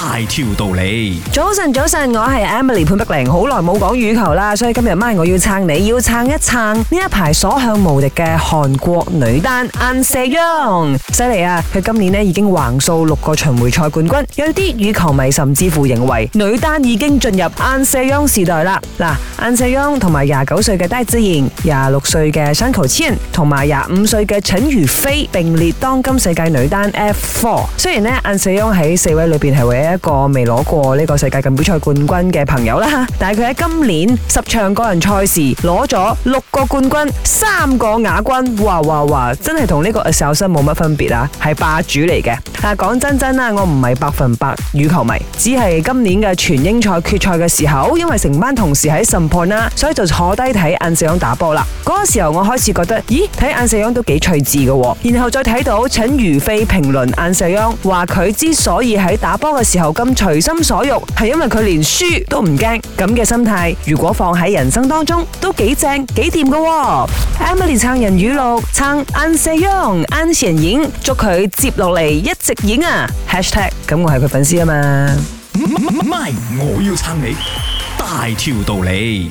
大條道理，早晨早晨，我係 Emily 潘碧玲，好耐冇講羽球啦，所以今日晚我要撐你，要撐一撐呢一排所向無敵嘅韓國女單安冼瑩，犀利啊！佢今年咧已經橫掃六個巡回賽冠軍，有啲羽球迷甚至乎認為女單已經進入安冼瑩時代啦。嗱，安冼瑩同埋廿九歲嘅戴資穎、廿六歲嘅山口茜同埋廿五歲嘅陳雨菲並列當今世界女單 F4。雖然咧安冼瑩喺四位裏邊係唯一。一個未攞過呢個世界錦標賽冠軍嘅朋友啦，但係佢喺今年十場個人賽事攞咗六個冠軍、三個亞軍，哇哇哇，真係同呢個壽生冇乜分別啊，係霸主嚟嘅。但係講真真啦，我唔係百分百羽球迷，只係今年嘅全英賽決賽嘅時候，因為成班同事喺 support 啦，所以就坐低睇安冼瑩打波啦。嗰、那個時候我開始覺得，咦，睇安冼瑩都幾趣致嘅。然後再睇到陳如飛評論安冼瑩，話佢之所以喺打波嘅時候，由咁隨心所欲，係因為佢連輸都唔驚，咁嘅心態，如果放喺人生當中，都幾正幾掂噶。Emily 撐人語錄，撐安冼瑩，安冼瑩影，祝佢接落嚟一直影啊！#咁我係佢粉絲啊嘛，唔係我要撐你，大條道理。